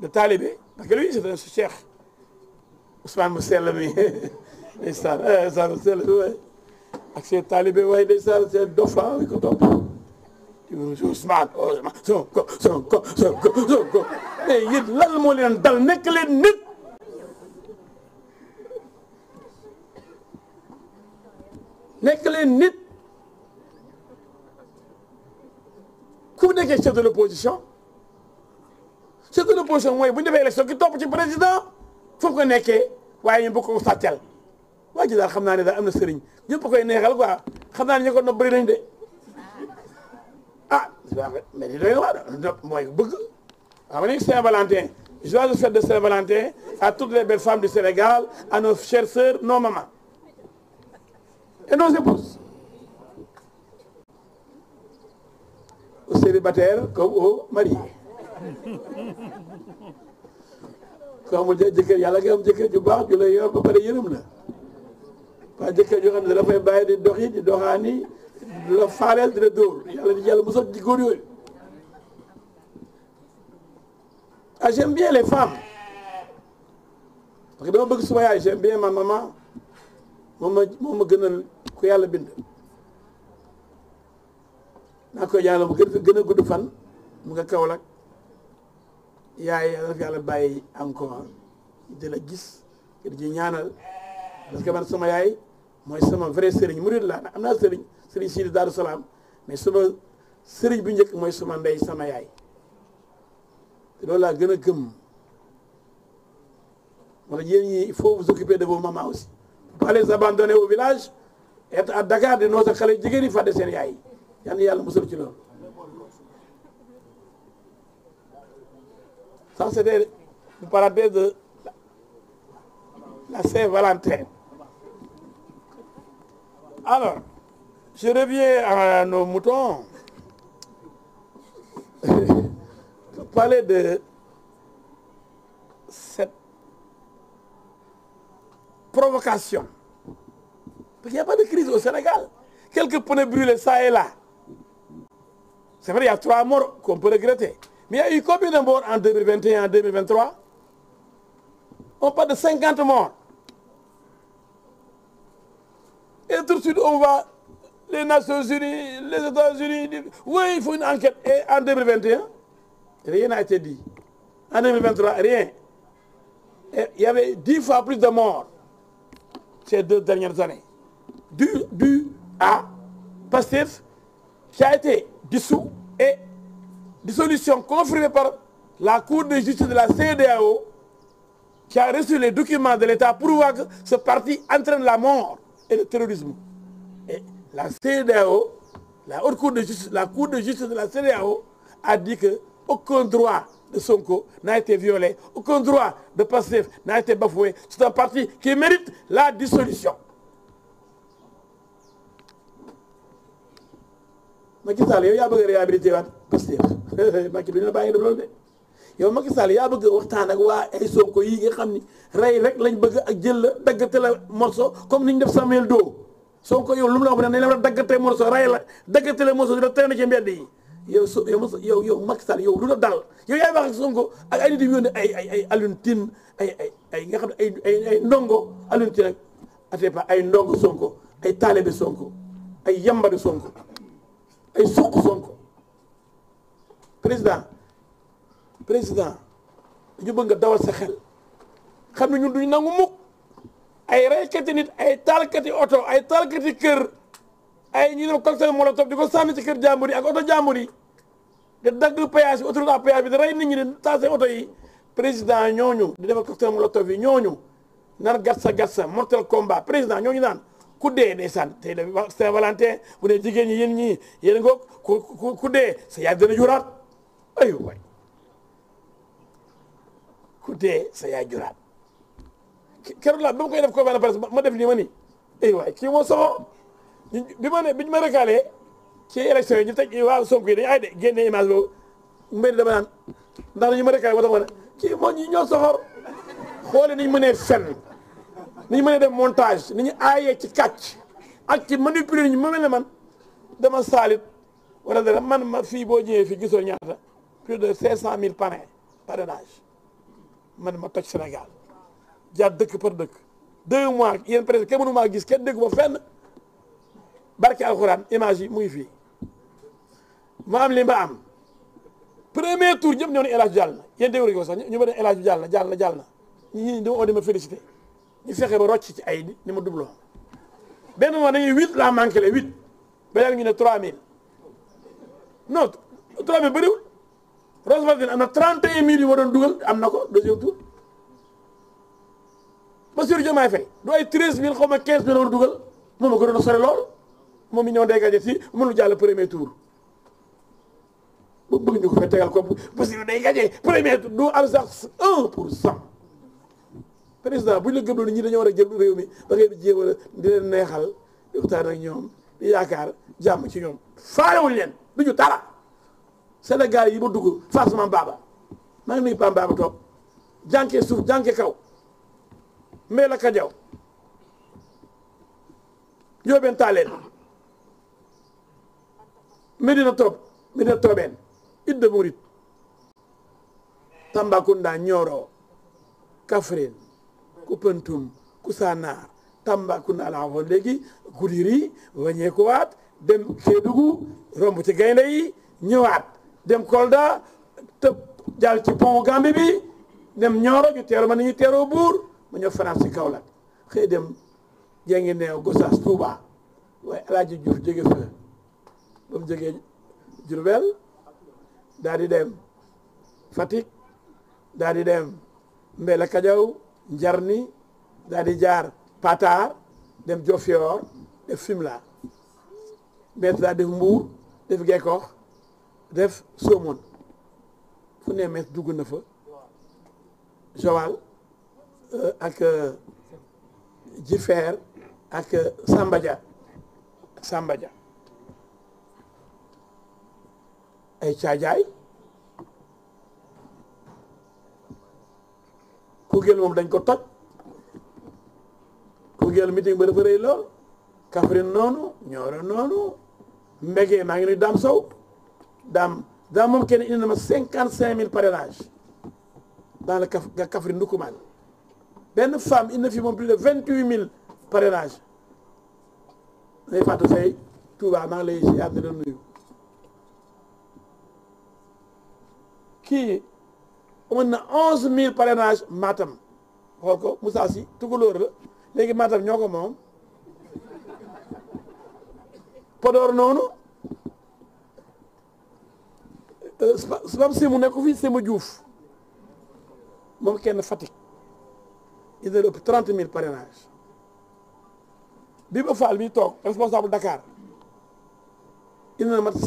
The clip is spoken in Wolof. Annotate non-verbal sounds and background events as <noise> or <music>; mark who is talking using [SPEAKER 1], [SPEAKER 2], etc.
[SPEAKER 1] de talibé parce que lui c'est un cheikh Ousmane bu sell mi <laughs> ndeysaan Ousmane eh, bu sell mi waaye ak seen talibé waaye ndeysaan seen dof ah ko topp Ousmane Sonko Sonko Sonko Sonko mais eh, yéen lan moo leen dal nekk leen nit nekk leen nit ku nekkee chef de l'opposition ce que mooy bu ñu defee élection ki topp ci président foofu nga nekkee waaye ñun bëgg ko sàccal waa ji daal xam naa ne daal am na sëriñ ñëpp koy neexal quoi xam naa ne ñu ko nopp bëri nañ de ah mais di doy na waa mooy bëgg waaw ma ne Saint-Valentin joie de fête de Saint-Valentin à tout les belles femmes du Sénégal à nos chères sœurs nos mamans et nos épouses aux célibataires ku amul jëkkër yàlla nga am jëkkër ju baax ju lay yor ba pare yërëm la waaye jëkkër joo ne dafay bàyyi di dox yi di doxaani di la faaleel di la dóor di yàlla musal ci góor yooyu ah j'aime bien les femmes parce que dama bëgg suma yaay j'aime ma maman moom ma moom ku yàlla bind naa koy yàlla mu gën gën gudd fan mu nga Kaolack yaay yàlla fi yàlla bàyyi encore di la gis di ñaanal parce que man sama yaay mooy sama vrai sëriñ murid laa am naa sëriñ sëriñ Sidi Daaru Salaam mais sama sëriñ bi njëkk mooy sama ndey sama yaay te loolu laa gën a gëm moo tax yéen ñi il faut vous occuper de vos mamans aussi pas les abandonner au village être à Dakar di noo sa xale jigéen yi fàtte seen yaay yal na yàlla musal ci loolu Ça, c'était une parenthèse de la Saint-Valentin. Alors, je reviens à nos moutons. <laughs> parler de cette provocation. Parce qu'il n'y a pas de crise au Sénégal. Quelques pneus brûlés, ça et là. C'est vrai, qu'on peut regretter. Mais il y a eu combien de morts en 2021 en 2023 On parle de 50 morts. Et tout suite, on va, les Nations Unies, les États-Unis, oui, il faut une enquête. Et en 2021, rien n'a été rien. Et il avait 10 fois plus de morts ces deux dernières années. Du, du à Pastef, qui dissous et dissolution confirmée par la Cour de justice de la CEDEAO qui a reçu les documents de l'État pour voir que ce parti entraîne la mort et le terrorisme. Et la CEDEAO, la Haute Cour de justice, la Cour de justice de la CEDEAO a dit que aucun droit de Sonko n'a été violé, aucun droit de Pastef n'a été bafoué. C'est un parti qui mérite la dissolution. Macky Sall yow yaa bëgg a réhabilité waat Pastef <laughs> Macky duñu la bàyyi def loolu de yow Sall yaa bëgg waxtaan ak waa ay Sonko yi nga xam ni rey rek lañ bëgg ak jël la daggate la comme ni ñu def Samuel doo Sonko yow lu mu la wax ne nañ la war a daggate morceau rey la daggate la morceau di la traîner ci mbedd yi yow so yow yow yow Macky Sall yow lu la dal yow yaay wax Sonko ak ay nit yu ay ay ay ay ay ay nga xam ne ay ay ndongo Alioune Tine ak Atepa ay ndongo Sonko ay taalibe Sonko ay yambari Sonko ay suq Sonko président président dañu bëgg nga dawal sa xel xam ne ñun duñu nangu mukk ay reykati nit ay taalkati oto ay taalkati kër ay ñi def cocktail molotov di ko sànni ci kër jàmbur yi ak oto yi de dagg péage bi autoroute à péage bi da rey nit ñi di taase oto yi président ñooñu di defal cocktail molotov yi ñooñu nar gatsa gatsa mortel combat président ñooñu naan ku dee ndeysaan tey dafa Saint Valentin bu dee jigéen ñi yéen ñii yéen ngoog ku ku ku dee sa yaay dana juraat ayu waay dee sa yaay juraat keroog laa ba ma koy def ko benn presse ma def nii ma nii ay waay kii moo soxo bi ma ne bi ñu ma recalé ci élection yi ñu teg waaw Sonko yi ay de génne image boobu mbéy dama naan ndax dañu ma recalé moo tax ne kii moo ñi ñoo soxor xoole niñ mënee fenn ni ñu mën a def montage ni ñu aayee ci kàcc ak ci manipuler ñu ma mel ne man dama saalit wala dara man ma fii boo ñëwee fii gisoo ñaata plus de cinq cent mille par parrainage man ma toj Sénégal jaar dëkk par dëkk deux mois yéen presque kenn mënu maa gis kenn dégg ma fenn barke alxuraan image yi mu ngi fii ma am li am premier tour ñëpp ñoo ne El Hadj jàll na yéen déglu ko sax ñu ma ne El jàll na jàll na jàll na ñi ñi dama ma félicité ñu fexe ba rocc ci ay ni ni ma doublon benn mois dañuy huit laa manqué le huit beneen ñu ne trois mille non trois mille bëriwul Rose Wardini am na trente et un mille yu ma dugal am na ko deuxième tour Bassirou Diomaye Faye du ay treize mille xaw ma quinze mille la a dugal moom a gënoon a sore lool moom mi ñëw day gagné si mënul jàll premier tour bëgg ñu ko fa tegal ko Bassirou day gagné premier du am sax un pour cent président bu ñu la gëmloo ñi dañoo war a jël réew mi da ngay di jéem a di leen neexal di waxtaan yaakaar jàmm ci ñoom faalewuñ leen du ñu dara Sénégal yi ma dugg Fassma Baba maa ngi nuyu Pam Baba toog jànkee suuf jànkee kaw mbay la kajaw njóobeen taaleen Medina Toob Medina Toobeen Idda Murit Tambacounda Nioro Kaffrine Koupentoum Koussanar Tambacounda laa waxoon léegi Goudiri wàññeekuwaat dem Kédougou romb ci gaynde yi ñëwaat dem Kolda tëb jàll ci pont Gambie bi dem Nioro ñu teeru ma ni ñu teeroo buur ma ñëw France ci Kaolack xëy dem jàngi neew Gossas Touba waaye El Hadj Diouf jóge fa ba mu jógee Diourbel daal di dem Fatick daal dem Mbella Kajaw njarni daal di jaar Patar dem Diofior def Fimela Maître daal def Mbour def Gekkox def Somone fu ne Maître dugg na fa Joal euh, ak euh, Jifeer euh, ak Samba Dia ay caajaay Kougheul moom dañ ko toj Kougheul meeting ba dafa lool Kaffrine noonu Nioro noonu Mbege maa ngi nuyu Dame Sow Dame Dame moom kenn indi na ma cinquante cinq mille parrainage dans le Kaf Kaffrine Ndoukoumane benn femme indi fi moom plus de vingt huit mille parrainage day Fatou Seye Touba maa ngi lay ziar di la nuyu kii. amoon na onze mille parrainage Matam xool ko Moussa tukulóor la léegi Matam ñoo ko moom Podor noonu Pap euh, Sémou nekk fi Sémou Diouf moom kenn Fatick il a ëpp trente mille parrainage bi ba Fall toog responsable Dakar il na mat